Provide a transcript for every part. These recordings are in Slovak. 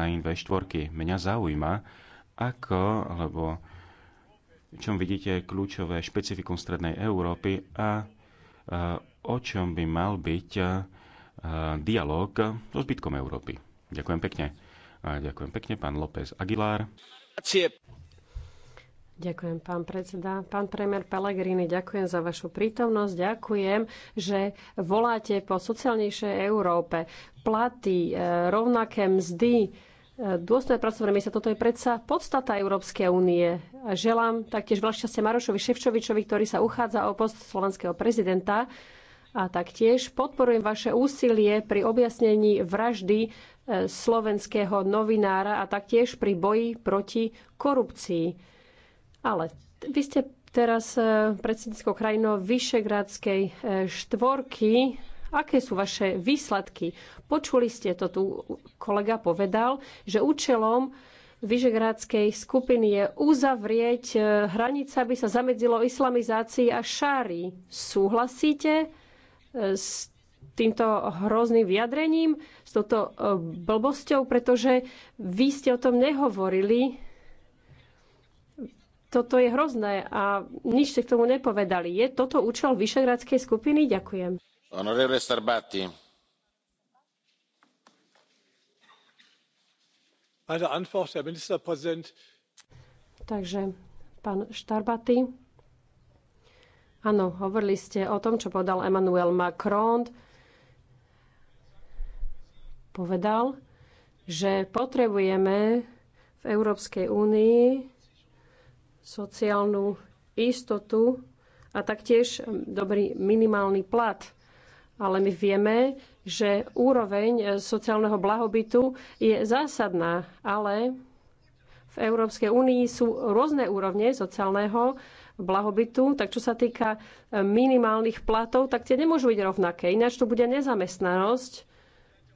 krajín V4. Mňa zaujíma, ako, alebo čom vidíte kľúčové špecifikum Strednej Európy a, o čom by mal byť dialog so zbytkom Európy. Ďakujem pekne. A ďakujem pekne, pán López Aguilar. Ďakujem, pán predseda. Pán premiér Pellegrini, ďakujem za vašu prítomnosť. Ďakujem, že voláte po sociálnejšej Európe. Platy, e, rovnaké mzdy, dôstojné pracovné miesta. Toto je predsa podstata Európskej únie. A želám taktiež veľa šťastia Marošovi Ševčovičovi, ktorý sa uchádza o post slovenského prezidenta. A taktiež podporujem vaše úsilie pri objasnení vraždy e, slovenského novinára a taktiež pri boji proti korupcii. Ale vy ste teraz e, predsedníckou krajinou Vyšegradskej e, štvorky Aké sú vaše výsledky? Počuli ste to tu, kolega povedal, že účelom Vyžegrádskej skupiny je uzavrieť e, hranice, aby sa zamedzilo islamizácii a šári. Súhlasíte e, s týmto hrozným vyjadrením, s touto e, blbosťou, pretože vy ste o tom nehovorili. Toto je hrozné a nič ste k tomu nepovedali. Je toto účel Vyšegrádskej skupiny? Ďakujem onorevole starbatty meine antwort herr ministerpräsident takže pán starbatty áno hovorili ste o tom čo povedal emmanuel macron povedal že potrebujeme v európskej únii sociálnu istotu a taktiež dobrý minimálny plat ale my vieme, že úroveň e, sociálneho blahobytu je zásadná, ale v Európskej únii sú rôzne úrovne sociálneho blahobytu, tak čo sa týka e, minimálnych platov, tak tie nemôžu byť rovnaké, ináč tu bude nezamestnanosť.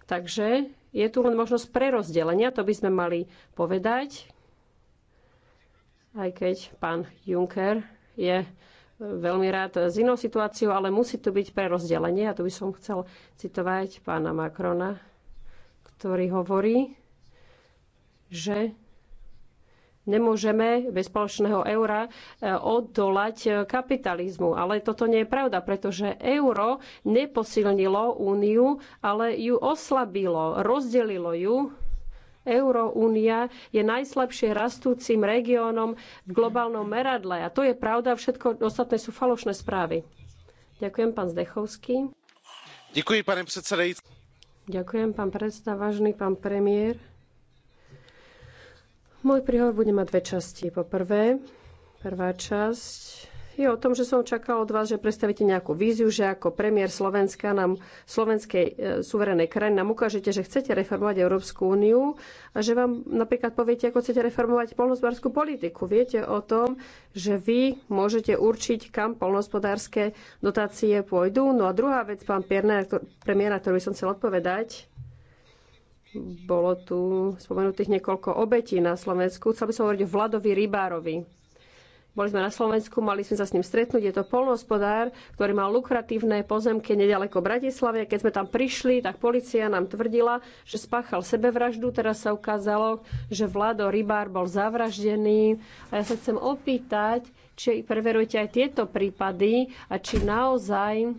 Takže je tu len možnosť prerozdelenia, to by sme mali povedať, aj keď pán Juncker je veľmi rád s inou situáciou, ale musí tu byť pre rozdelenie. A tu by som chcel citovať pána Macrona, ktorý hovorí, že nemôžeme bez spoločného eura e, oddolať e, kapitalizmu. Ale toto nie je pravda, pretože euro neposilnilo úniu, ale ju oslabilo, rozdelilo ju Euróunia je najslabšie rastúcim regiónom v globálnom meradle. A to je pravda, všetko ostatné sú falošné správy. Ďakujem, pán Zdechovský. Ďakujem, pane predsedajúci. Ďakujem, pán predseda, vážny pán premiér. Môj príhovor bude mať dve časti. Po prvé, prvá časť je o tom, že som čakala od vás, že predstavíte nejakú víziu, že ako premiér Slovenska nám, slovenskej e, suverenej krajiny nám ukážete, že chcete reformovať Európsku úniu a že vám napríklad poviete, ako chcete reformovať polnospodárskú politiku. Viete o tom, že vy môžete určiť, kam polnospodárske dotácie pôjdu. No a druhá vec, pán Pierna, premiéra, ktorú by som chcel odpovedať, bolo tu spomenutých niekoľko obetí na Slovensku. Chcel by som hovoriť o Vladovi Rybárovi boli sme na Slovensku, mali sme sa s ním stretnúť. Je to polnohospodár, ktorý mal lukratívne pozemky nedaleko Bratislavy. Keď sme tam prišli, tak policia nám tvrdila, že spáchal sebevraždu. Teraz sa ukázalo, že Vlado Rybár bol zavraždený. A ja sa chcem opýtať, či preverujete aj tieto prípady a či naozaj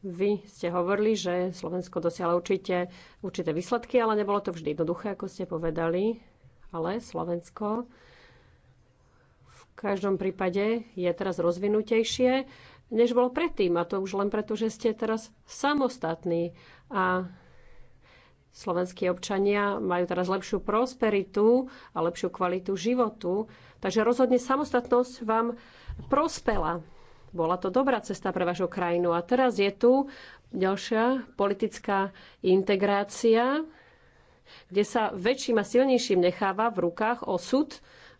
Vy ste hovorili, že Slovensko dosiahlo určite určité výsledky, ale nebolo to vždy jednoduché, ako ste povedali. Ale Slovensko v každom prípade je teraz rozvinutejšie, než bolo predtým. A to už len preto, že ste teraz samostatní. A slovenskí občania majú teraz lepšiu prosperitu a lepšiu kvalitu životu. Takže rozhodne samostatnosť vám prospela. Bola to dobrá cesta pre vašu krajinu. A teraz je tu ďalšia politická integrácia, kde sa väčším a silnejším necháva v rukách osud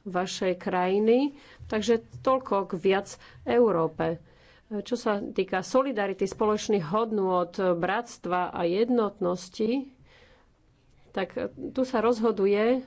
vašej krajiny. Takže toľko k viac Európe. Čo sa týka solidarity, spoločných od bratstva a jednotnosti, tak tu sa rozhoduje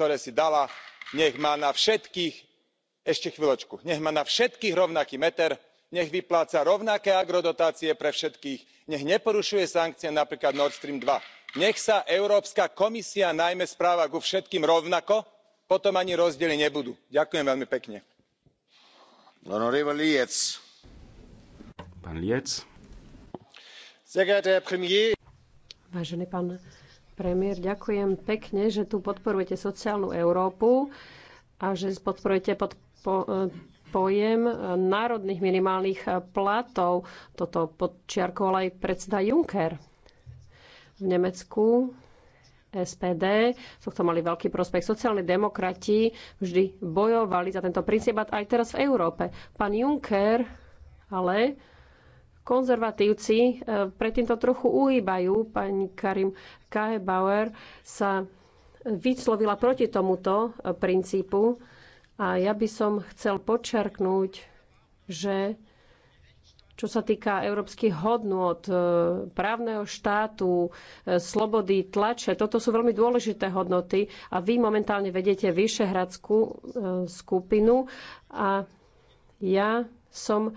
ktoré si dala nech má na všetkých ešte chvíľočku nech má na všetkých rovnaký meter nech vypláca rovnaké agrodotácie pre všetkých nech neporušuje sankcie napríklad nord stream. two nech sa európska komisia najmä správa ku všetkým rovnako potom ani rozdiely nebudú. ďakujem veľmi pekne. vážený pán premiér, ďakujem pekne, že tu podporujete sociálnu Európu a že podporujete pod, po, e, pojem národných minimálnych platov. Toto podčiarkoval aj predseda Juncker. V Nemecku SPD, sú to mali veľký prospech. Sociálni demokrati vždy bojovali za tento princíp, aj teraz v Európe. Pán Juncker ale konzervatívci e, predtým to trochu uhýbajú. Pani Karim Kaebauer sa vyslovila proti tomuto e, princípu a ja by som chcel počerknúť, že čo sa týka európskych hodnôt, e, právneho štátu, slobody, tlače. Toto sú veľmi dôležité hodnoty a vy momentálne vedete Vyšehradskú skupinu a ja som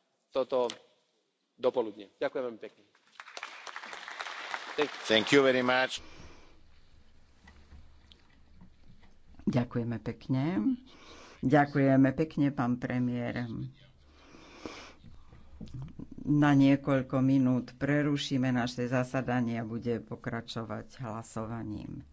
toto dopoludne. ďakujem veľmi pekne. ďakujeme pekne. ďakujeme pekne pán premiér. Na niekoľko minút prerušíme naše zasadanie a bude pokračovať hlasovaním.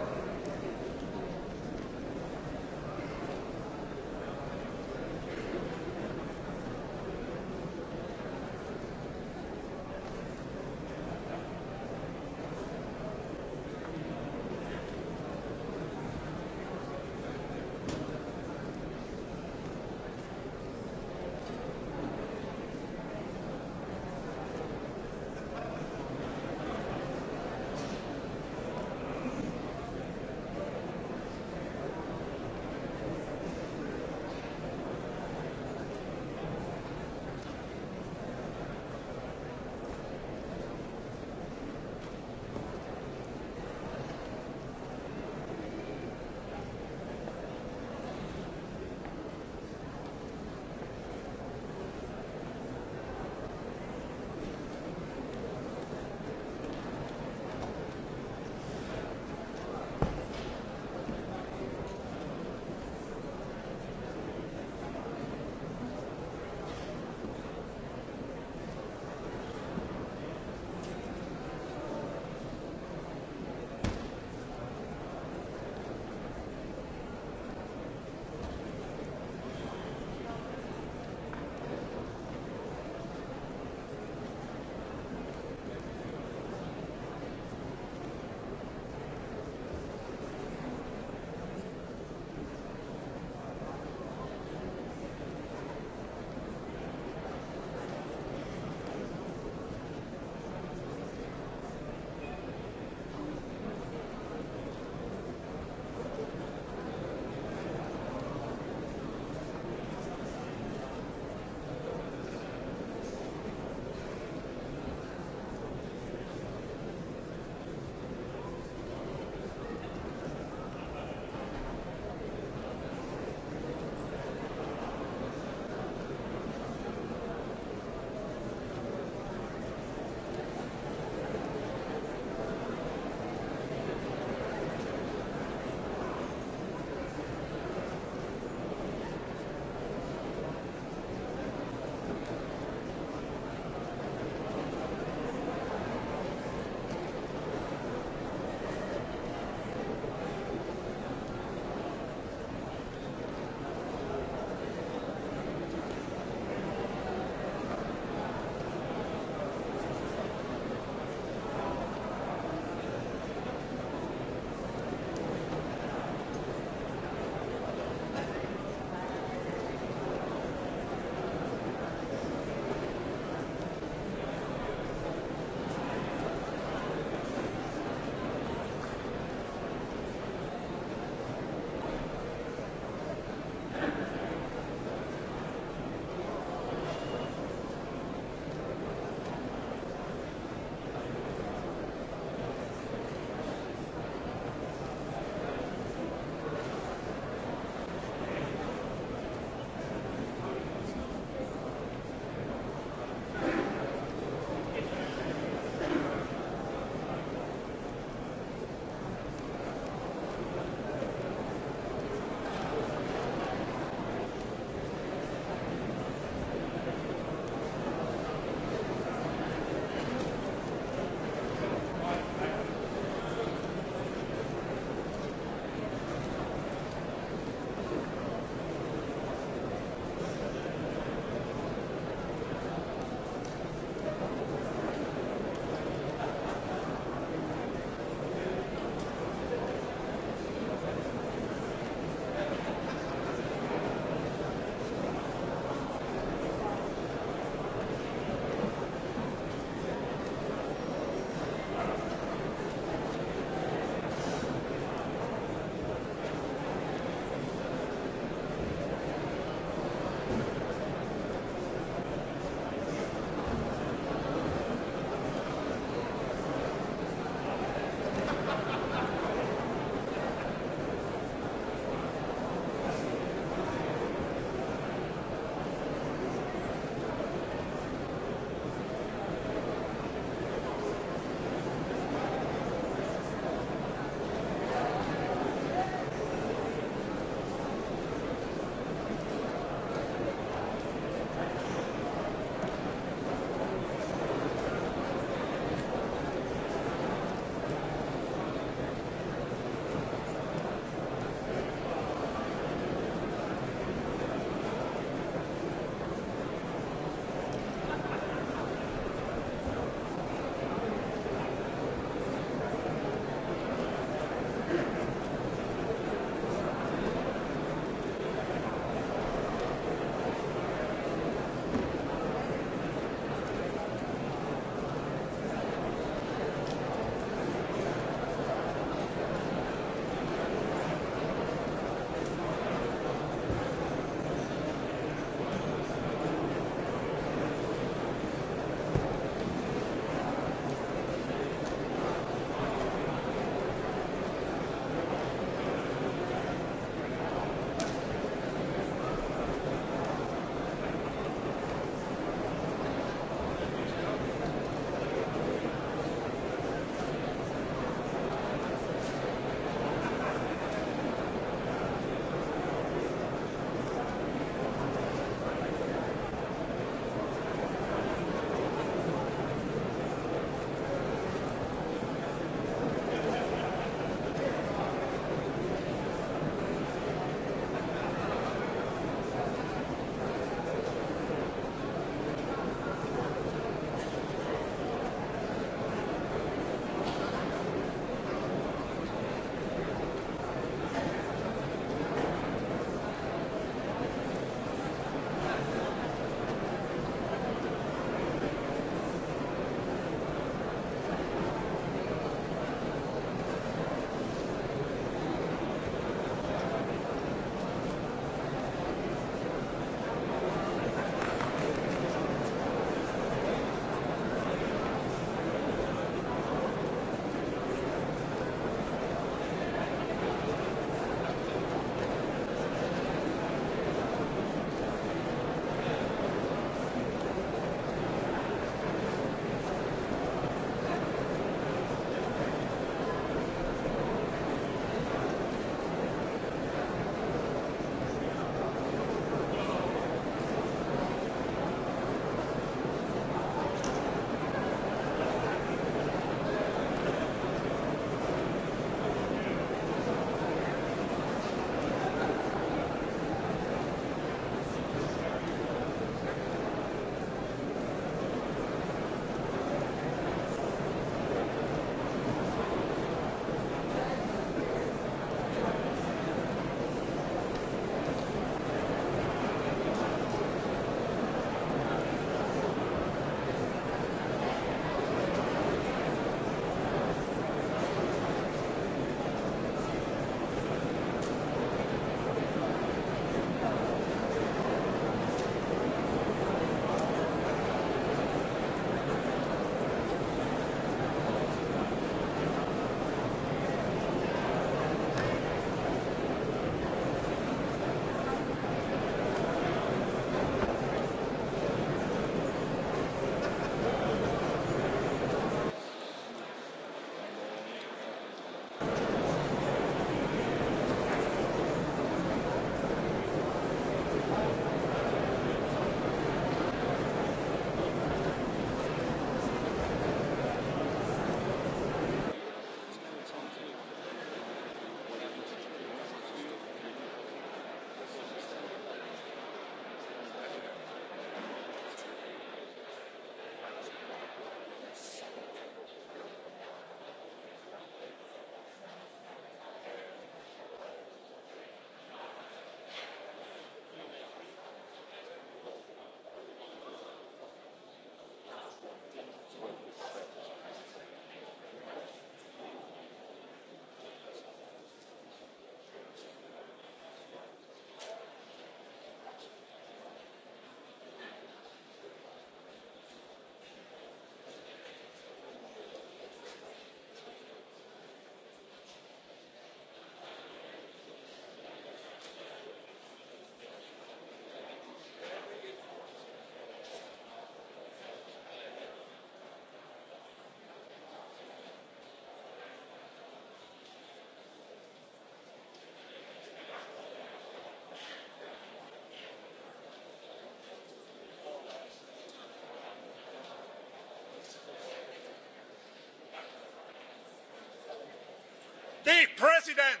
the president.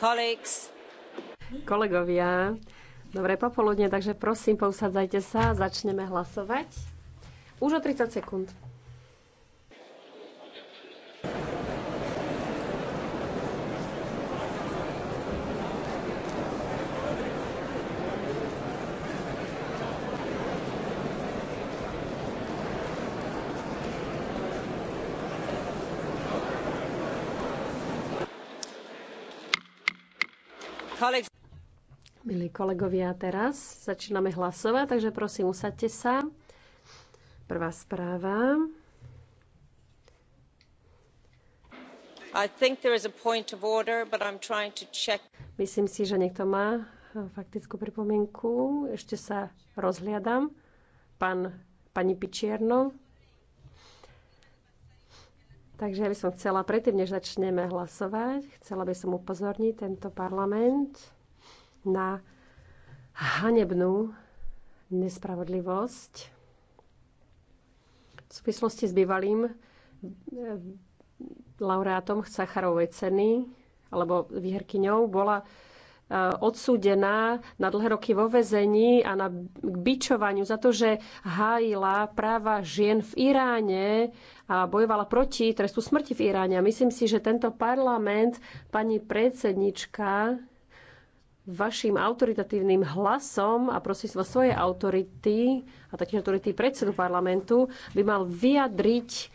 Colleagues. Kolegovia, dobré popoludne, takže prosím, pousadzajte sa, začneme hlasovať. Už o 30 sekúnd. Milí kolegovia, teraz začíname hlasovať, takže prosím, usadte sa. Prvá správa. I think there is a point of order, but I'm trying to check. Myslím si, že niekto má eh, faktickú pripomienku. Ešte sa rozhliadam. Pán, pani Pičierno. Takže ja by som chcela, predtým než začneme hlasovať, chcela by som upozorniť tento parlament na hanebnú nespravodlivosť v súvislosti s bývalým e, laureátom Sacharovej ceny alebo výherkyňou bola e, odsúdená na dlhé roky vo vezení a na, k bičovaniu za to, že hájila práva žien v Iráne a bojovala proti trestu smrti v Iráne. A myslím si, že tento parlament, pani predsednička, vašim autoritatívnym hlasom a prosím vás svojej autority a taktiež autority predsedu parlamentu by mal vyjadriť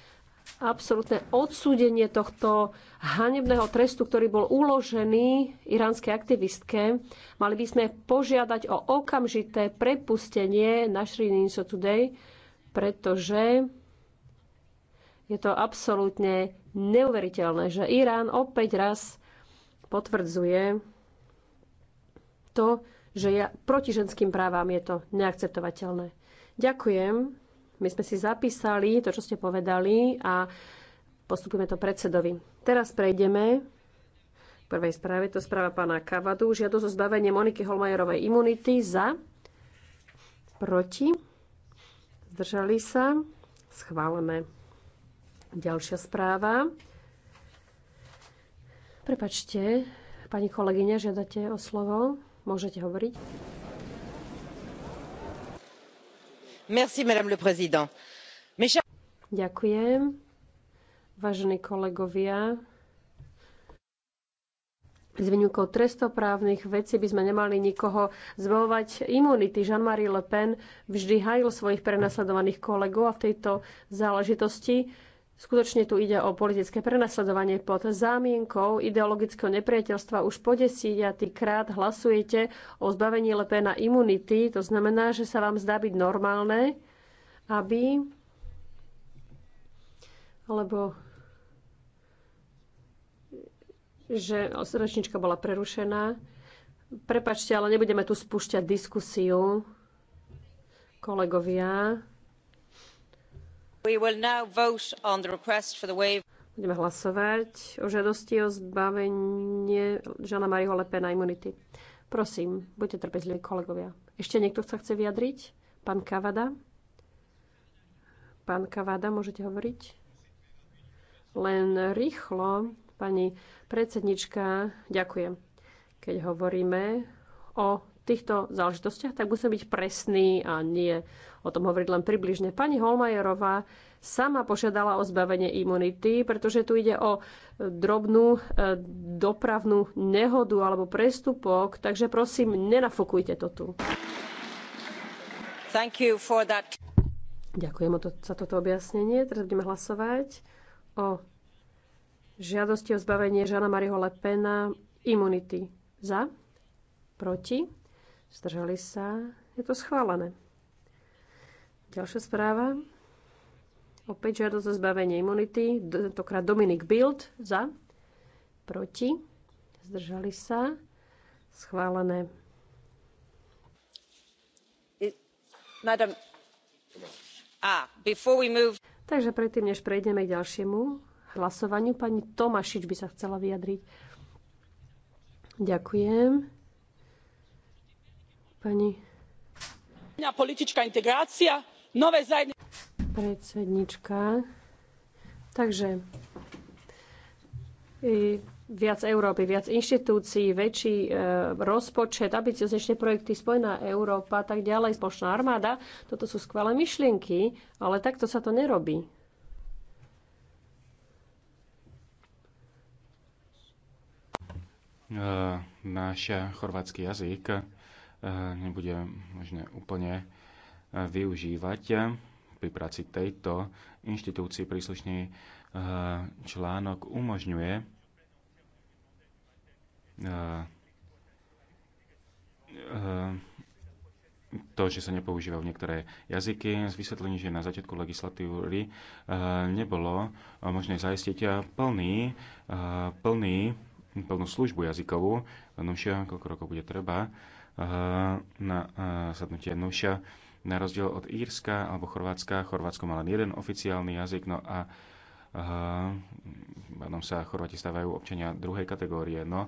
absolútne odsúdenie tohto hanebného trestu, ktorý bol uložený iránskej aktivistke. Mali by sme požiadať o okamžité prepustenie Nashrin Inso Today, pretože je to absolútne neuveriteľné, že Irán opäť raz potvrdzuje to, že ja, proti ženským právam je to neakceptovateľné. Ďakujem. My sme si zapísali to, čo ste povedali a postupujeme to predsedovi. Teraz prejdeme k prvej správe. To správa pána Kavadu. Žiadosť o zbavenie Moniky Holmajerovej imunity za, proti, zdržali sa, schválame. Ďalšia správa. Prepačte, pani kolegyňa, žiadate o slovo. Môžete hovoriť? Merci, madame le président. Ďakujem. Vážení kolegovia, s výnimkou trestoprávnych vecí by sme nemali nikoho zbavovať imunity. Jean-Marie Le Pen vždy hajil svojich prenasledovaných kolegov a v tejto záležitosti Skutočne tu ide o politické prenasledovanie pod zámienkou ideologického nepriateľstva. Už po krát hlasujete o zbavení Lepena imunity. To znamená, že sa vám zdá byť normálne, aby... Alebo že srdečnička bola prerušená. Prepačte, ale nebudeme tu spúšťať diskusiu, kolegovia. Budeme hlasovať o žiadosti o zbavenie Žana Mariho Lepena imunity. Prosím, buďte trpezliví, kolegovia. Ešte niekto sa chce vyjadriť? Pán Kavada? Pán Kavada, môžete hovoriť? Len rýchlo, pani predsednička, ďakujem. Keď hovoríme o týchto záležitostiach, tak musíme byť presný a nie o tom hovoriť len približne. Pani Holmajerová sama požiadala o zbavenie imunity, pretože tu ide o drobnú e, dopravnú nehodu alebo prestupok, takže prosím, nenafokujte to tu. Thank you for that. Ďakujem za toto objasnenie. Teraz budeme hlasovať o žiadosti o zbavenie Žana Mariho Lepena imunity. Za? Proti? Zdržali sa. Je to schválené. Ďalšia správa. Opäť žiadosť o zbavenie imunity. Tentokrát Dominik Bild za. Proti. Zdržali sa. Schválené. madam, ah, before we move... Takže predtým, než prejdeme k ďalšiemu hlasovaniu, pani Tomašič by sa chcela vyjadriť. Ďakujem politička integrácia, nové Takže e, viac Európy, viac inštitúcií, väčší e, rozpočet, ambicioznejšie projekty, Spojená Európa, tak ďalej, spoločná armáda. Toto sú skvelé myšlienky, ale takto sa to nerobí. E, náš chorvátsky jazyk Eh, nebude možné úplne eh, využívať eh, pri práci tejto inštitúcii príslušný článok umožňuje to, že sa nepoužívajú niektoré jazyky, s vysvetlením, že na začiatku legislatívy nebolo možné zaistiť plný, plný, plnú službu jazykovú, no koľko rokov bude treba, na sadnutie Nuša. Na rozdiel od Írska alebo Chorvátska, Chorvátsko má len jeden oficiálny jazyk, no a Banom sa Chorváti stávajú občania druhej kategórie. No,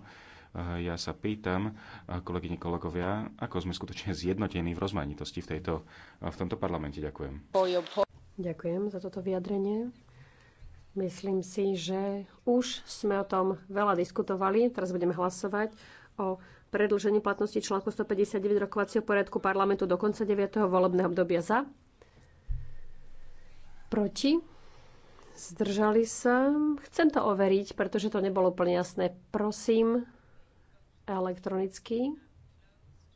ja sa pýtam, kolegyne, kolegovia, ako sme skutočne zjednotení v rozmanitosti v, tejto, v tomto parlamente. Ďakujem. Ďakujem za toto vyjadrenie. Myslím si, že už sme o tom veľa diskutovali. Teraz budeme hlasovať o predlžení platnosti článku 159 rokovacieho poriadku parlamentu do konca 9. volebného obdobia za. Proti. Zdržali sa. Chcem to overiť, pretože to nebolo úplne jasné. Prosím, elektronicky.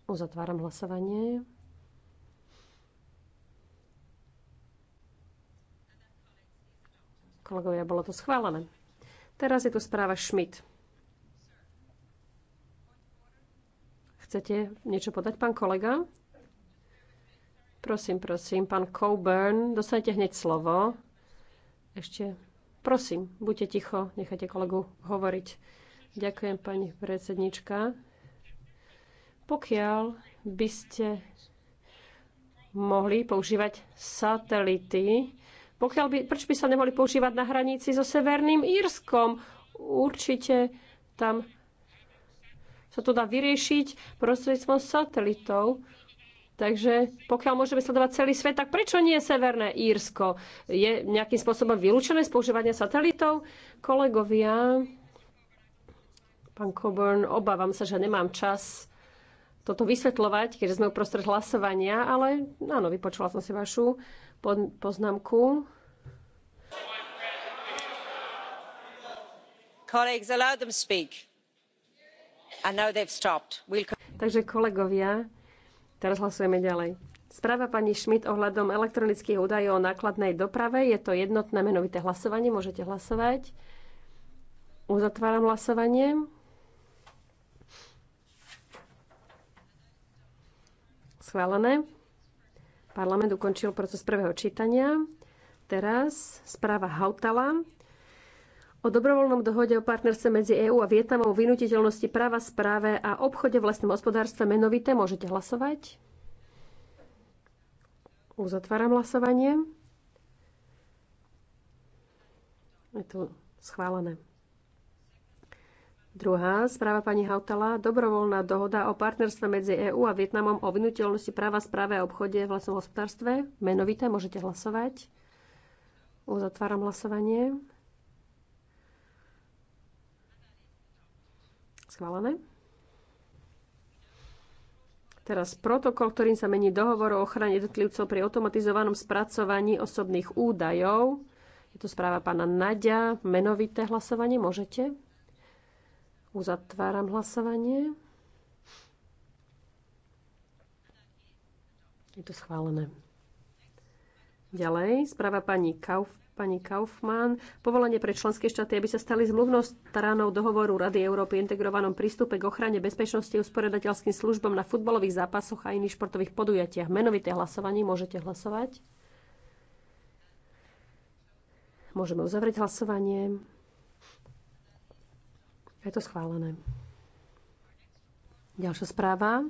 Uzatváram hlasovanie. Kolegovia, bolo to schválené. Teraz je tu správa Schmidt. Chcete niečo podať, pán kolega? Prosím, prosím, pán Coburn, dostanete hneď slovo. Ešte, prosím, buďte ticho, nechajte kolegu hovoriť. Ďakujem, pani predsednička. Pokiaľ by ste mohli používať satelity, pokiaľ by, prečo by sa nemohli používať na hranici so Severným Írskom? Určite tam sa to dá vyriešiť prostredstvom satelitov. Takže pokiaľ môžeme sledovať celý svet, tak prečo nie Severné Írsko? Je nejakým spôsobom vylúčené z používania satelitov? Kolegovia, pán Coburn, obávam sa, že nemám čas toto vysvetľovať, keďže sme uprostred hlasovania, ale áno, vypočula som si vašu poznámku. Colleagues, allow them speak. Takže kolegovia, teraz hlasujeme ďalej. Správa pani Schmidt ohľadom elektronických údajov o nákladnej doprave. Je to jednotné menovité hlasovanie. Môžete hlasovať. Uzatváram hlasovanie. Schválené. Parlament ukončil proces prvého čítania. Teraz správa Hautala o dobrovoľnom dohode o partnerstve medzi EÚ a Vietnamom o vynutiteľnosti práva, správe a obchode v lesnom hospodárstve menovité. Môžete hlasovať. Uzatváram hlasovanie. Je to schválené. Druhá správa pani Hautala, dobrovoľná dohoda o partnerstve medzi EÚ a Vietnamom o vynutiteľnosti práva správe a obchode v lesnom hospodárstve. Menovité môžete hlasovať. Uzatváram hlasovanie. Schválené. Teraz protokol, ktorým sa mení dohovor o ochrane jednotlivcov pri automatizovanom spracovaní osobných údajov. Je to správa pána Nadia. Menovité hlasovanie môžete. Uzatváram hlasovanie. Je to schválené. Ďalej, správa pani Kauf, pani Kaufmann, povolenie pre členské štáty, aby sa stali zmluvnou stranou dohovoru Rady Európy integrovanom prístupe k ochrane bezpečnosti usporiadateľským službom na futbalových zápasoch a iných športových podujatiach. Menovité hlasovanie môžete hlasovať. Môžeme uzavrieť hlasovanie. Je to schválené. Ďalšia správa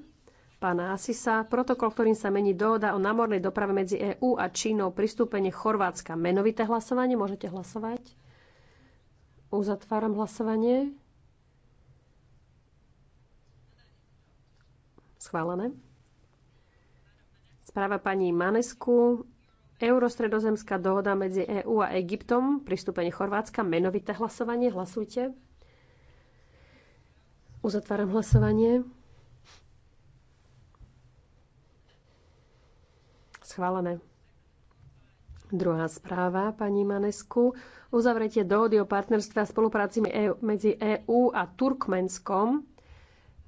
pána Asisa, protokol, ktorým sa mení dohoda o námornej doprave medzi EÚ a Čínou, pristúpenie Chorvátska. Menovité hlasovanie, môžete hlasovať. Uzatváram hlasovanie. Schválené. Správa pani Manesku. Eurostredozemská dohoda medzi EÚ a Egyptom, pristúpenie Chorvátska, menovité hlasovanie. Hlasujte. Uzatváram hlasovanie. Schválené. Druhá správa pani Manesku. Uzavretie dohody o partnerstve a spolupráci e medzi EÚ a Turkmenskom.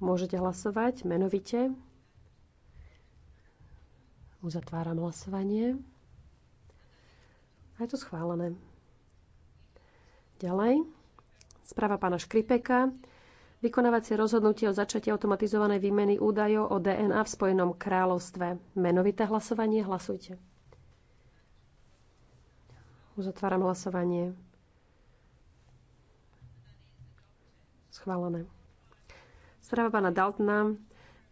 Môžete hlasovať menovite. Uzatváram hlasovanie. A je to schválené. Ďalej. Správa pána Škripeka vykonávacie rozhodnutie o začatí automatizovanej výmeny údajov o DNA v Spojenom kráľovstve. Menovité hlasovanie, hlasujte. Uzatváram hlasovanie. Schválené. Správa pána Daltna.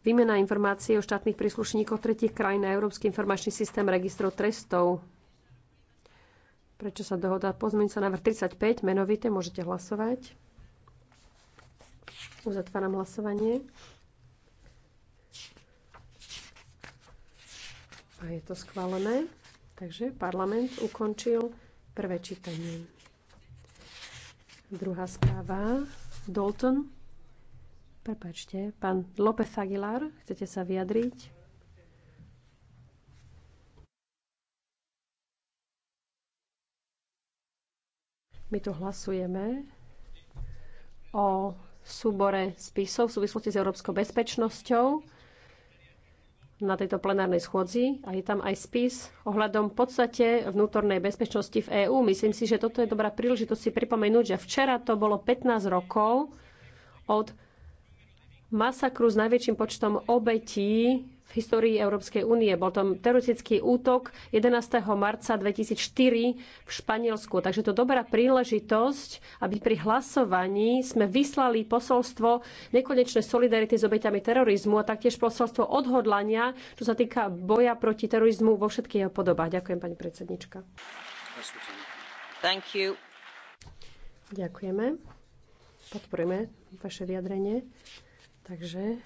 Výmena informácií o štátnych príslušníkoch tretich krajín na Európsky informačný systém registrov trestov. Prečo sa dohoda? Pozmeň sa návrh 35, menovité, môžete hlasovať. Uzatváram hlasovanie. A je to schválené. Takže parlament ukončil prvé čítanie. Druhá správa. Dalton. Prepačte, pán López Aguilar, chcete sa vyjadriť? My tu hlasujeme o súbore spisov v súvislosti s európskou bezpečnosťou na tejto plenárnej schôdzi a je tam aj spis ohľadom podstate vnútornej bezpečnosti v EÚ. Myslím si, že toto je dobrá príležitosť si pripomenúť, že včera to bolo 15 rokov od masakru s najväčším počtom obetí v histórii Európskej únie. Bol to teroristický útok 11. marca 2004 v Španielsku. Takže to dobrá príležitosť, aby pri hlasovaní sme vyslali posolstvo nekonečnej solidarity s obeťami terorizmu a taktiež posolstvo odhodlania, čo sa týka boja proti terorizmu vo všetkých jeho podobách. Ďakujem, pani predsednička. Thank you. Ďakujeme. Podporujeme vaše vyjadrenie. Takže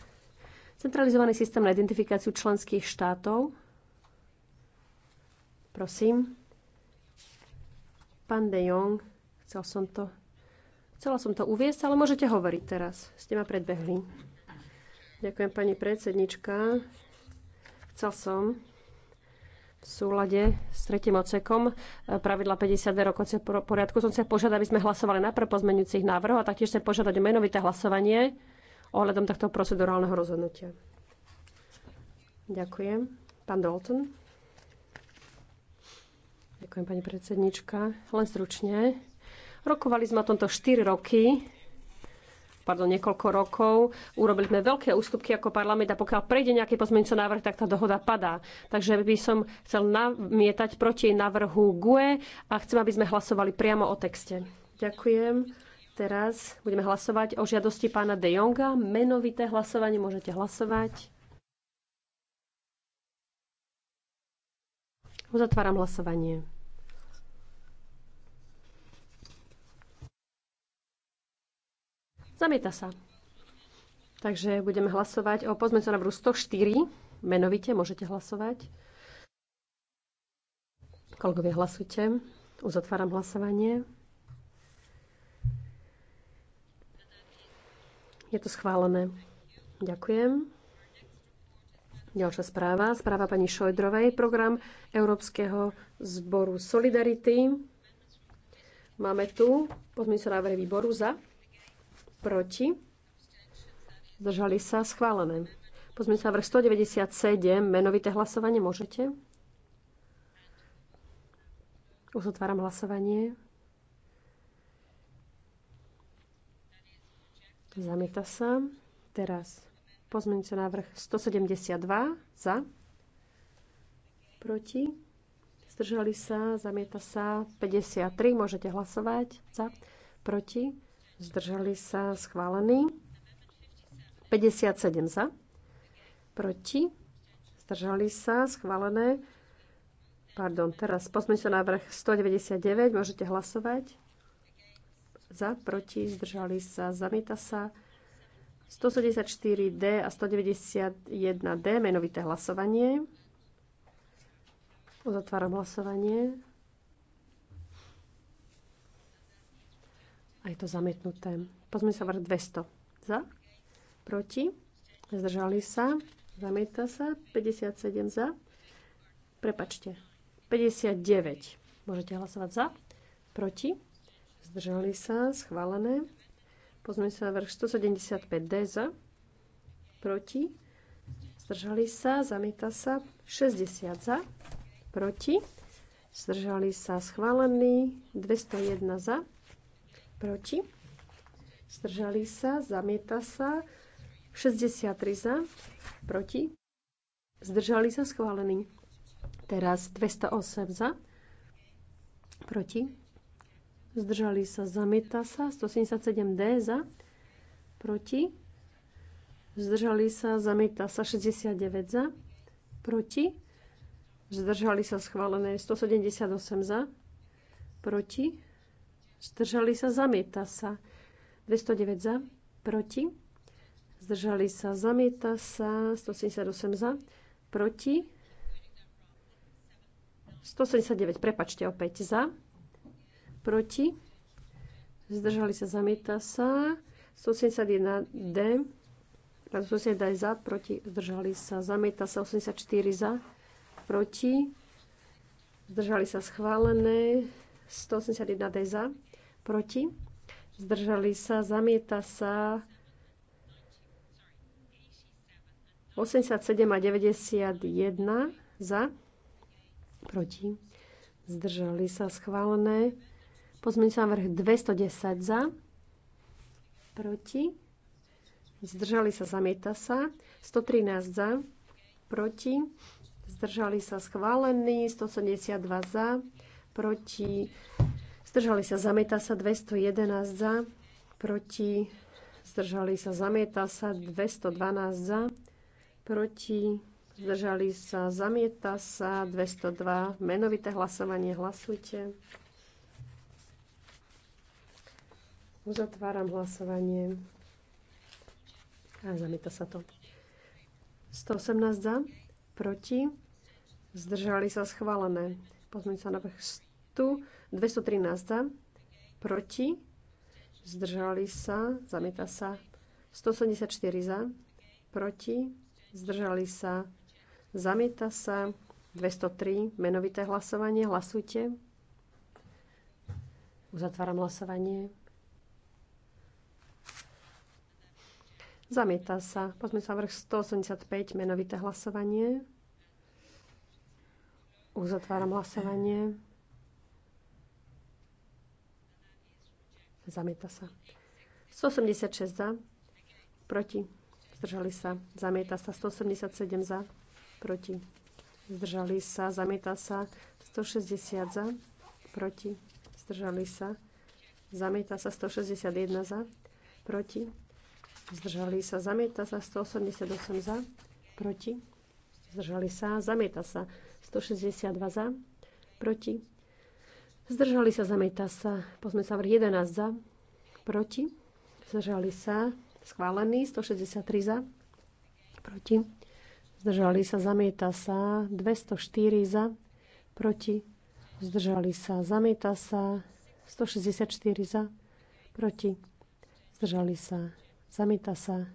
Centralizovaný systém na identifikáciu členských štátov. Prosím. Pán De Jong, chcel som to, chcela som to uviesť, ale môžete hovoriť teraz. Ste ma predbehli. Ďakujem, pani predsednička. Chcel som v súlade s tretím ocekom e, pravidla 52 rokovacieho poriadku som sa požiadať, aby sme hlasovali na pozmenujúcich návrhov a taktiež sa požiadať o menovité hlasovanie ohľadom tohto procedurálneho rozhodnutia. Ďakujem. Pán Dalton. Ďakujem, pani predsednička. Len stručne. Rokovali sme o tomto 4 roky, pardon, niekoľko rokov. Urobili sme veľké ústupky ako parlament a pokiaľ prejde nejaký pozmeňujúci návrh, tak tá dohoda padá. Takže by som chcel namietať proti návrhu GUE a chcem, aby sme hlasovali priamo o texte. Ďakujem. Teraz budeme hlasovať o žiadosti pána De Jonga. Menovité hlasovanie môžete hlasovať. Uzatváram hlasovanie. Zamieta sa. Takže budeme hlasovať o na návrhu 104. Menovite môžete hlasovať. Kolegovia, hlasujte. Uzatváram hlasovanie. Je to schválené. Ďakujem. Ďalšia správa. Správa pani Šojdrovej. Program Európskeho zboru Solidarity. Máme tu pozmysel návrhy výboru za, proti. Zdržali sa. Schválené. Pozmysel návrh 197. Menovité hlasovanie môžete. Uzatváram hlasovanie. Zamieta sa. Teraz pozmeňujúci návrh 172 za. Proti. Zdržali sa. Zamieta sa. 53. Môžete hlasovať za. Proti. Zdržali sa. Schválený. 57 za. Proti. Zdržali sa. Schválené. Pardon, teraz pozmeňte návrh 199, môžete hlasovať za, proti, zdržali sa, zamieta sa. 174D a 191D, menovité hlasovanie. Uzatváram hlasovanie. A je to zamietnuté. Pozme sa vrch 200. Za, proti, zdržali sa, zamieta sa, 57 za. Prepačte, 59. Môžete hlasovať za, proti zdržali sa, schválené. na vrch 175D za, proti, zdržali sa, zamieta sa, 60 za, proti, zdržali sa, schválený, 201 za, proti, zdržali sa, zamieta sa, 63 za, proti, zdržali sa, schválený. Teraz 208 za, proti, zdržali sa, zametasa. sa. 177D za, proti, zdržali sa, zamieta 69 za, proti, zdržali sa, schválené. 178 za, proti, zdržali sa, zamieta sa. 209 za, proti, zdržali sa, zamieta sa. 178 za, proti, 179, prepačte, opäť za, proti, zdržali sa, zamieta sa. 181D, 180 za, proti, zdržali sa, zamieta sa. 84 za, proti, zdržali sa, schválené. 181D za, proti, zdržali sa, zamieta sa. 87 a 91 za, proti, zdržali sa schválené, sa návrh 210 za, proti, zdržali sa, zamieta sa. 113 za, proti, zdržali sa, schválený. 172 za, proti, zdržali sa, zamieta sa. 211 za, proti, zdržali sa, zamieta sa. 212 za, proti, zdržali sa, zamieta sa. 202, menovité hlasovanie, hlasujte. Uzatváram hlasovanie. A zamieta sa to. 118 za, proti, zdržali sa schválené. Pozmeň sa na vrch 100, 213 za, proti, zdržali sa, zamýta sa. 174 za, proti, zdržali sa, zamieta sa. 203, menovité hlasovanie, hlasujte. Uzatváram hlasovanie. Zamieta sa. Pozme sa vrch 185, menovité hlasovanie. Uzatváram hlasovanie. Zamieta sa. 186 za, proti, zdržali sa. Zamieta sa. 187 za, proti, zdržali sa. Zamieta sa. 160 za, proti, zdržali sa. Zamieta sa. 161 za, proti, zdržali sa, zamieta sa 188 za, proti, zdržali sa, zamieta sa 162 za, proti, zdržali sa, zamieta sa, pozme sa vrch 11 za, proti, zdržali sa, schválený 163 za, proti, zdržali sa, zamieta sa 204 za, proti, zdržali sa, zamieta sa 164 za, proti, zdržali sa, Zamieta sa.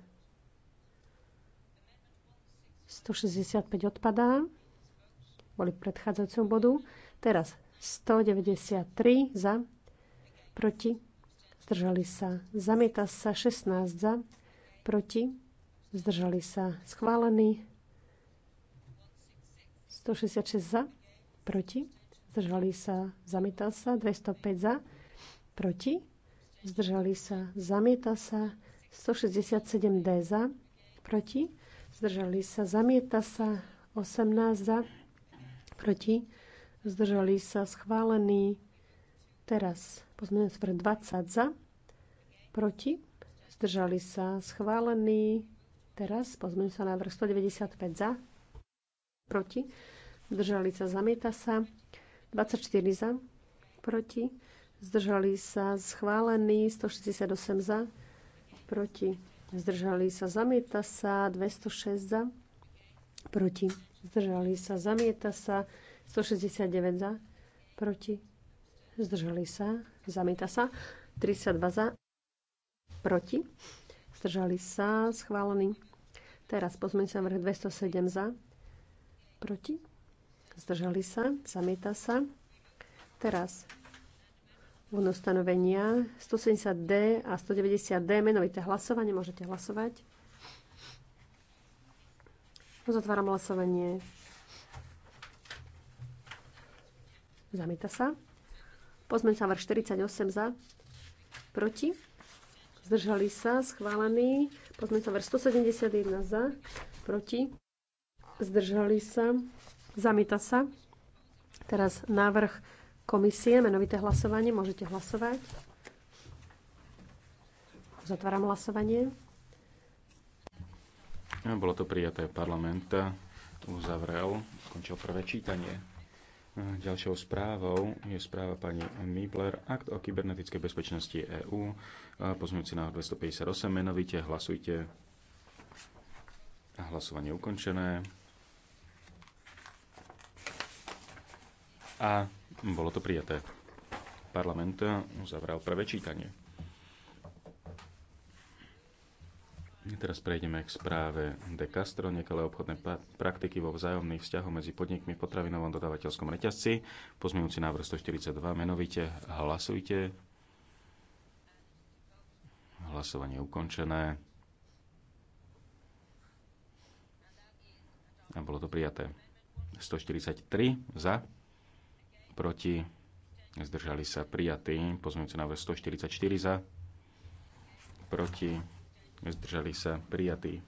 165 odpadá. Boli v predchádzajúcom bodu. Teraz 193 za, proti, zdržali sa. Zamieta sa 16 za, proti, zdržali sa. Schválený 166 za, proti, zdržali sa. Zamieta sa 205 za, proti, zdržali sa. Zamieta sa 167D za, proti, zdržali sa, zamieta sa, 18 za, proti, zdržali sa, schválený, teraz pozmeňujúci pre 20 za, proti, zdržali sa, schválený, teraz pozmeňujúci návrh 195 za, proti, zdržali sa, zamieta sa, 24 za, proti, zdržali sa, schválený, 168 za, proti, zdržali sa, zamieta sa, 206 za, proti, zdržali sa, zamieta sa, 169 za, proti, zdržali sa, zamieta sa, 32 za, proti, zdržali sa, schválený. Teraz pozmeň sa vrch 207 za, proti, zdržali sa, zamieta sa. Teraz úvodné 170D a 190D, menovité hlasovanie, môžete hlasovať. Uzatváram hlasovanie. Zamieta sa. Pozmeň sa vrch 48 za, proti. Zdržali sa, schválený. Pozmeň sa vrch 171 za, proti. Zdržali sa, zamieta sa. Teraz návrh komisie, menovité hlasovanie. Môžete hlasovať. Zatváram hlasovanie. Bolo to prijaté parlament uzavrel, skončil prvé čítanie. Ďalšou správou je správa pani Mibler, akt o kybernetickej bezpečnosti EÚ, pozmeňujúci na 258, menovite hlasujte. Hlasovanie ukončené. A bolo to prijaté. Parlament uzavral prvé čítanie. Teraz prejdeme k správe De Castro, nekalé obchodné praktiky vo vzájomných vzťahoch medzi podnikmi v potravinovom dodávateľskom reťazci. Pozmienujúci návrh 142, menovite hlasujte. Hlasovanie ukončené. A bolo to prijaté. 143 za proti, zdržali sa prijatí, pozmeňujúci návrh 144 za, proti, zdržali sa prijatí.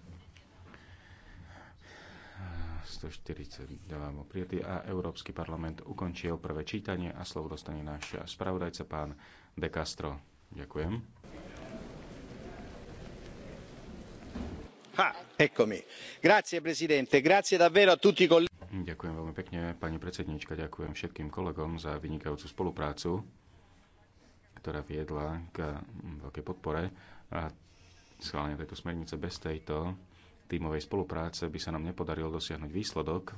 142 bol prijatý a Európsky parlament ukončil prvé čítanie a slovo dostane náš spravodajca pán De Castro. Ďakujem. Ha, eccomi. Grazie presidente, grazie davvero a tutti i colleghi. Ďakujem veľmi pekne, pani predsednička. Ďakujem všetkým kolegom za vynikajúcu spoluprácu, ktorá viedla k veľkej podpore a schválenie tejto smernice. Bez tejto tímovej spolupráce by sa nám nepodarilo dosiahnuť výsledok,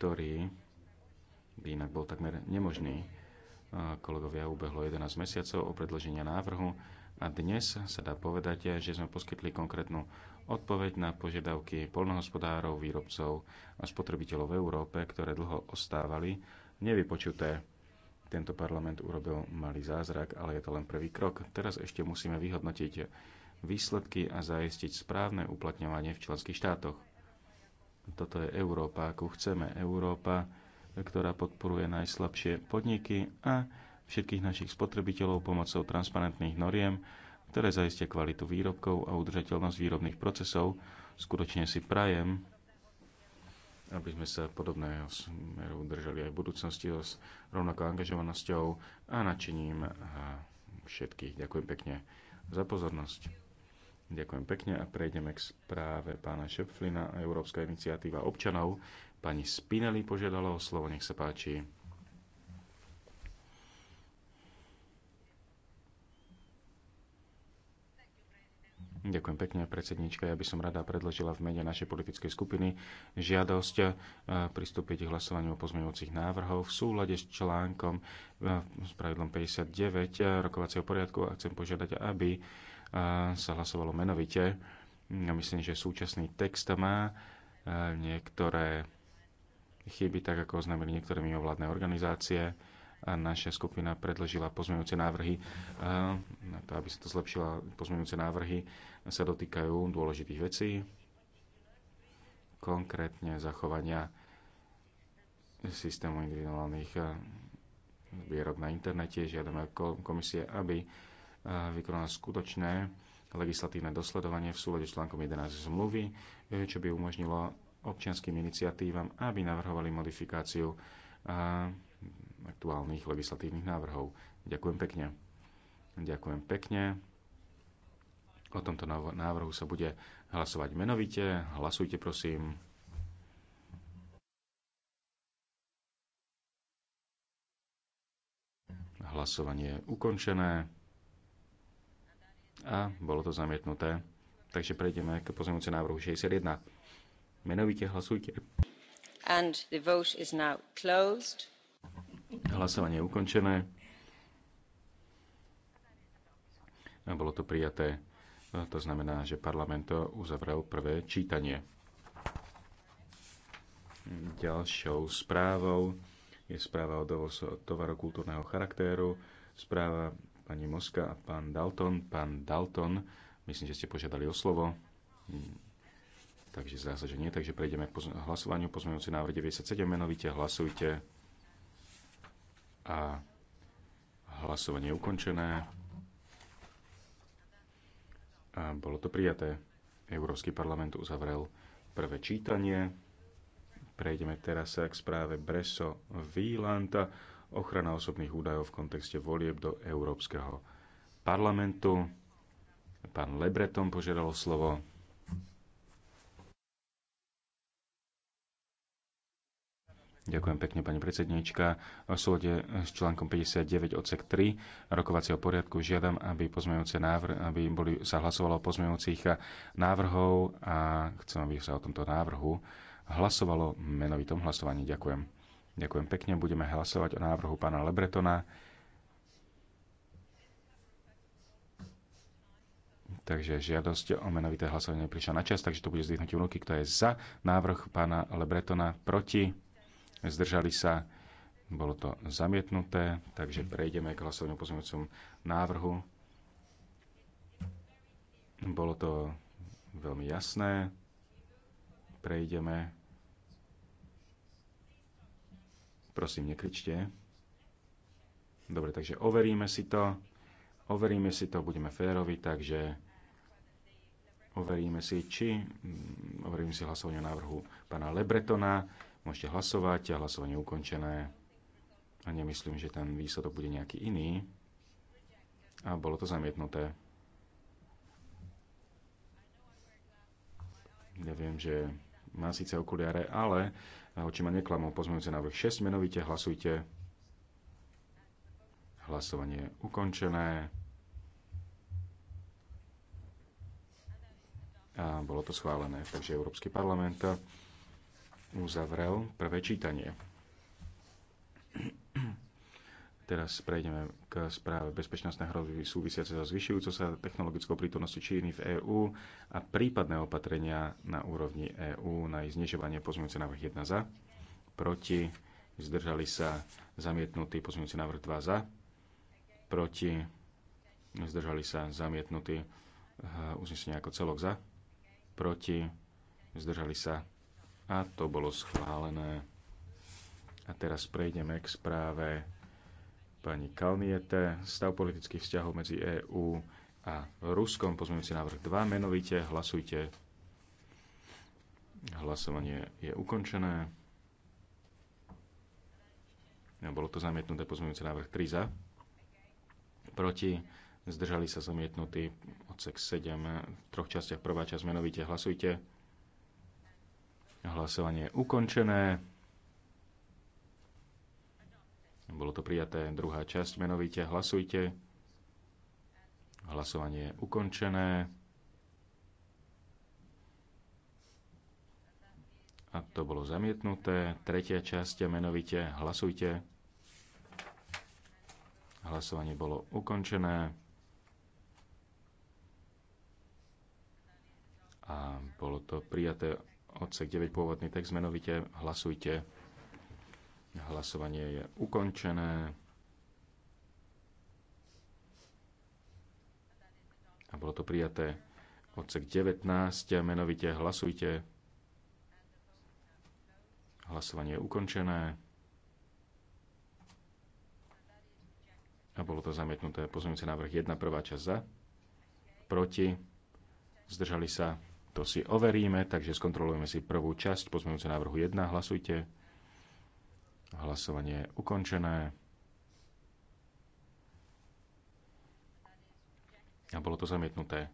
ktorý by inak bol takmer nemožný. Kolegovia, ubehlo 11 mesiacov o predloženia návrhu a dnes sa dá povedať, že sme poskytli konkrétnu odpoveď na požiadavky polnohospodárov, výrobcov a spotrebiteľov v Európe, ktoré dlho ostávali nevypočuté. Tento parlament urobil malý zázrak, ale je to len prvý krok. Teraz ešte musíme vyhodnotiť výsledky a zajistiť správne uplatňovanie v členských štátoch. Toto je Európa, ako chceme. Európa, ktorá podporuje najslabšie podniky a všetkých našich spotrebiteľov pomocou transparentných noriem, ktoré zaistia kvalitu výrobkov a udržateľnosť výrobných procesov. Skutočne si prajem, aby sme sa podobného smeru udržali aj v budúcnosti s rovnako angažovanosťou a nadšením všetkých. Ďakujem pekne za pozornosť. Ďakujem pekne a prejdeme k správe pána Šepflina a Európska iniciatíva občanov. Pani Spinelli požiadala o slovo, nech sa páči. Ďakujem pekne, predsednička. Ja by som rada predložila v mene našej politickej skupiny žiadosť e, pristúpiť k hlasovaniu o pozmeňujúcich návrhov v súlade s článkom e, s pravidlom 59 e, rokovacieho poriadku a chcem požiadať, aby sa hlasovalo menovite. Ja myslím, že súčasný text má niektoré chyby, tak ako oznámili niektoré mimovládne organizácie a naša skupina predložila pozmeňujúce návrhy na to, aby sa to zlepšila pozmeňujúce návrhy sa dotýkajú dôležitých vecí, konkrétne zachovania systému individuálnych eh, zbierok na internete. Žiadame komisie, aby eh, vykonala skutočné legislatívne dosledovanie v súlade s článkom 11 zmluvy, eh, čo by umožnilo občianským iniciatívam, aby navrhovali modifikáciu aktuálnych legislatívnych návrhov. Ďakujem pekne. Ďakujem pekne. O tomto návrhu sa bude hlasovať menovite. Hlasujte, prosím. Hlasovanie je ukončené a bolo to zamietnuté. Takže prejdeme k pozemujúce návrhu 61. Menovite hlasujte. And the vote is now closed. Hlasovanie je ukončené. A bolo to prijaté to znamená, že parlament to uzavrel prvé čítanie. Ďalšou správou je správa o dovozu tovaru kultúrneho charakteru, správa pani Moska a pán Dalton. Pán Dalton, myslím, že ste požiadali o slovo. Takže zdá sa, že nie. Takže prejdeme k hlasovaniu. Pozmeňujúci návrh 97 menovite. Hlasujte. A hlasovanie je ukončené a bolo to prijaté. Európsky parlament uzavrel prvé čítanie. Prejdeme teraz k správe Breso Výlanta ochrana osobných údajov v kontexte volieb do Európskeho parlamentu. Pán Lebreton požiadal slovo. Ďakujem pekne, pani predsedníčka. V súlade s článkom 59 odsek 3 rokovacieho poriadku žiadam, aby, pozmejúce návrh, aby boli, sa hlasovalo o pozmejúcich návrhov a chcem, aby sa o tomto návrhu hlasovalo menovitom hlasovaní. Ďakujem. Ďakujem pekne. Budeme hlasovať o návrhu pána Lebretona. Takže žiadosť o menovité hlasovanie prišla na čas, takže to bude zdvihnutím ruky, kto je za návrh pána Lebretona proti zdržali sa, bolo to zamietnuté, takže prejdeme k hlasovaniu pozmeňujúcom návrhu. Bolo to veľmi jasné. Prejdeme. Prosím, nekričte. Dobre, takže overíme si to. Overíme si to, budeme férovi, takže overíme si, či mm, overíme si hlasovanie návrhu pána Lebretona. Môžete hlasovať a hlasovanie je ukončené. A nemyslím, že ten výsledok bude nejaký iný. A bolo to zamietnuté. Ja že má síce okuliare, ale oči ma neklamú. Pozmeňujúce návrh 6, menovite hlasujte. Hlasovanie je ukončené. A bolo to schválené. Takže Európsky parlament uzavrel prvé čítanie. Teraz prejdeme k správe bezpečnostnej hrozby súvisiace so zvyšujúco sa technologickou prítomnosti Číny v EÚ a prípadné opatrenia na úrovni EÚ na ich znižovanie pozmeňujúce návrh 1 za, proti, zdržali sa zamietnutý pozmeňujúci návrh 2 za, proti, zdržali sa zamietnutý uznesenie ako celok za, proti, zdržali sa a to bolo schválené. A teraz prejdeme k správe pani Kalniete. Stav politických vzťahov medzi EÚ a Ruskom. Pozmeňujúci návrh 2. Menovite hlasujte. Hlasovanie je ukončené. Bolo to zamietnuté pozmeňujúci návrh 3 za. Proti zdržali sa zamietnutí odsek 7 v troch častiach. Prvá časť menovite hlasujte. Hlasovanie je ukončené. Bolo to prijaté. Druhá časť menovite. Hlasujte. Hlasovanie je ukončené. A to bolo zamietnuté. Tretia časť menovite. Hlasujte. Hlasovanie bolo ukončené. A bolo to prijaté odsek 9 pôvodný text, menovite hlasujte. Hlasovanie je ukončené. A bolo to prijaté odsek 19, menovite hlasujte. Hlasovanie je ukončené. A bolo to zamietnuté pozornice návrh 1, prvá časť za, proti, zdržali sa to si overíme, takže skontrolujeme si prvú časť pozmeňujúce návrhu 1. Hlasujte. Hlasovanie je ukončené. A bolo to zamietnuté.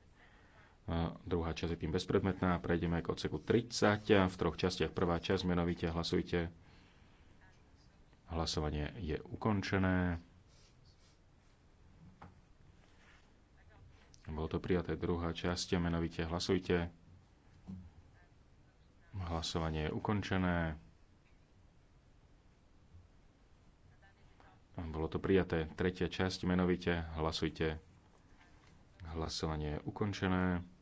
A druhá časť je tým bezpredmetná. Prejdeme k odseku 30. V troch častiach prvá časť menovite hlasujte. Hlasovanie je ukončené. Bolo to prijaté druhá časť menovite hlasujte. Hlasovanie je ukončené. Bolo to prijaté. Tretia časť menovite. Hlasujte. Hlasovanie je ukončené.